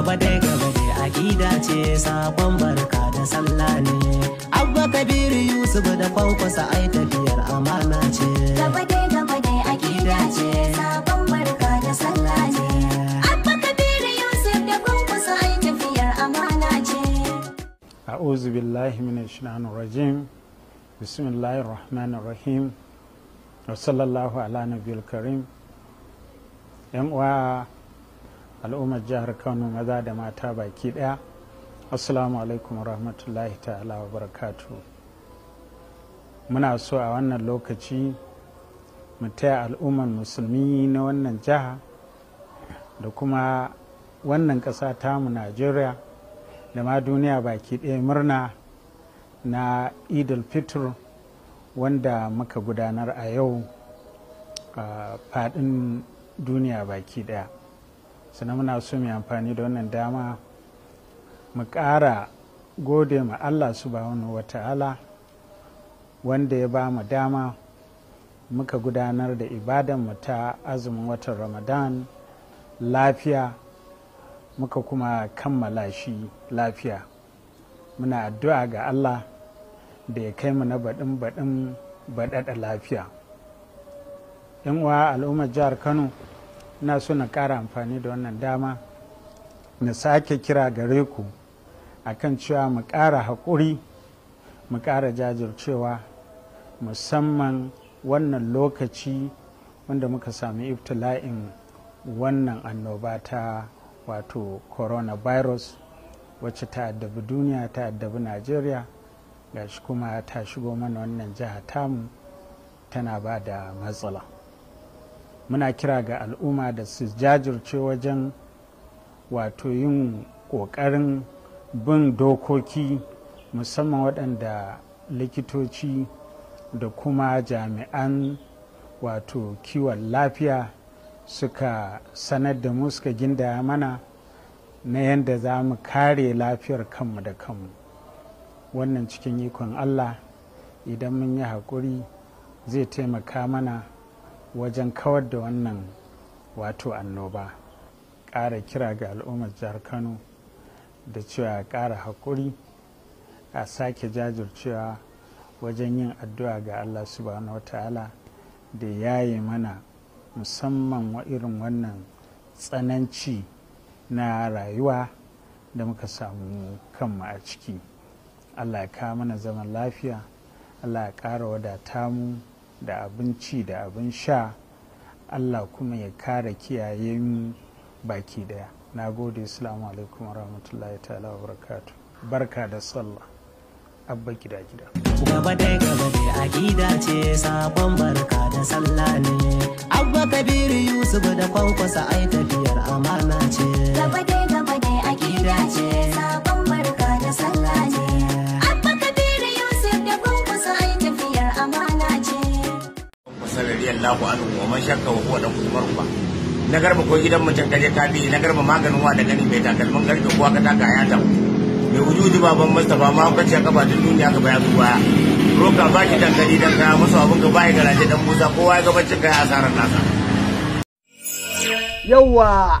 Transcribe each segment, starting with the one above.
gaba dai gaba dai akida ce sakon barka da sallah ne abba kabiru yusuf da kwankwasa ai tafiyar amana ce gaba dai gaba dai akida ce sakon barka da sallah ne abba kabiru yusuf da kwankwasa ai tafiyar amana ce a'udhu billahi minash shaitanir rajim bismillahir rahmanir rahim wa sallallahu ala nabiyil karim yan uwa al'ummar jihar kano maza da mata baki daya assalamu alaikum rahmatullahi ta'ala wa barakatu muna so a wannan lokaci mu taya al'ummar musulmi na wannan jiha da kuma wannan ƙasa tamu najeriya da ma duniya baki daya murna na idul fitr wanda muka gudanar a yau a faɗin duniya baki daya. sannan muna so mai amfani da wannan dama mu ƙara gode ma allah su ba wata wata'ala wanda ya ba mu dama muka gudanar da ibadan mu ta azumin watan ramadan lafiya muka kuma kammala shi lafiya muna addu'a ga allah da ya kai mu na baɗin baɗin baɗaɗa lafiya 'yan uwa al'ummar jihar kano na so na ƙara amfani da wannan dama na sake kira gare ku a kan cewa mu ƙara haƙuri mu ƙara jajircewa musamman wannan lokaci wanda muka sami iftila'in wannan annoba ta wato coronavirus wacce ta addabi duniya ta addabi najeriya gashi kuma ta shigo mana wannan jiha tamu tana ba da matsala muna kira ga al'umma da su jajirce wajen wato yin ƙoƙarin bin dokoki musamman waɗanda likitoci da kuma jami'an wato kiwon lafiya suka sanar da mu suka gindaya mana na yadda za mu kare lafiyar kanmu da kanmu wannan cikin ikon allah idan mun yi haƙuri zai taimaka mana wajen kawar da wannan wato annoba ƙara kira ga al'ummar jihar kano da cewa ƙara haƙuri a sake jajircewa wajen yin addu'a ga allah subhanahu wa ta'ala da yaye mana musamman wa irin wannan tsananci na rayuwa da muka samu kanmu a ciki allah ya kawo mana zaman lafiya allah ya ƙara wadata mu da abinci da abin sha allah kuma ya kare kiyaye mu baki daya na gode salamu alaikum wa rahmatullahi ta'ala wa barakatu barka da sallah abba gida gida gaba dai gaba dai a gida ce sabon barka da sallah ne abba kabiru yusuf da kwankwasa ai tafiyar amana ce gaba dai gaba dai a gida ce radiyallahu anhu wa man shakka wa huwa dan umar ba na garba ko gidan mutum kaje ka bi na garba maganin wa da gani mai kalman garba kuwa ka taka ya ta mai wujudu baban mustafa ma ka ce ka ba duniya ka baya zuwa roka ba ki gari dan kaya musu abin ka ya garaje dan musa kowa ya gabancin kaya asarar nasa yawa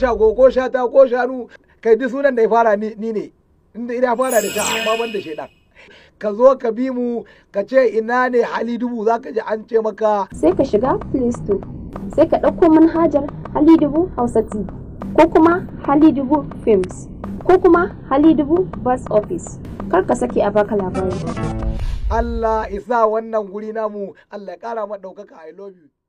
shago ko sha ta, ko sha shanu kai duk sunan da ya fara ni ne inda ina fara da sha amma banda shaidan ka zo ka bi mu ka ce ina ne hali dubu za ka ji an ce maka sai ka shiga play store sai ka ɗauko manhajar hali dubu hausa t ko kuma hali dubu films ko kuma hali dubu bus office kar ka sake a baka labari Allah isa wannan guri namu Allah ya kara ma daukaka I love you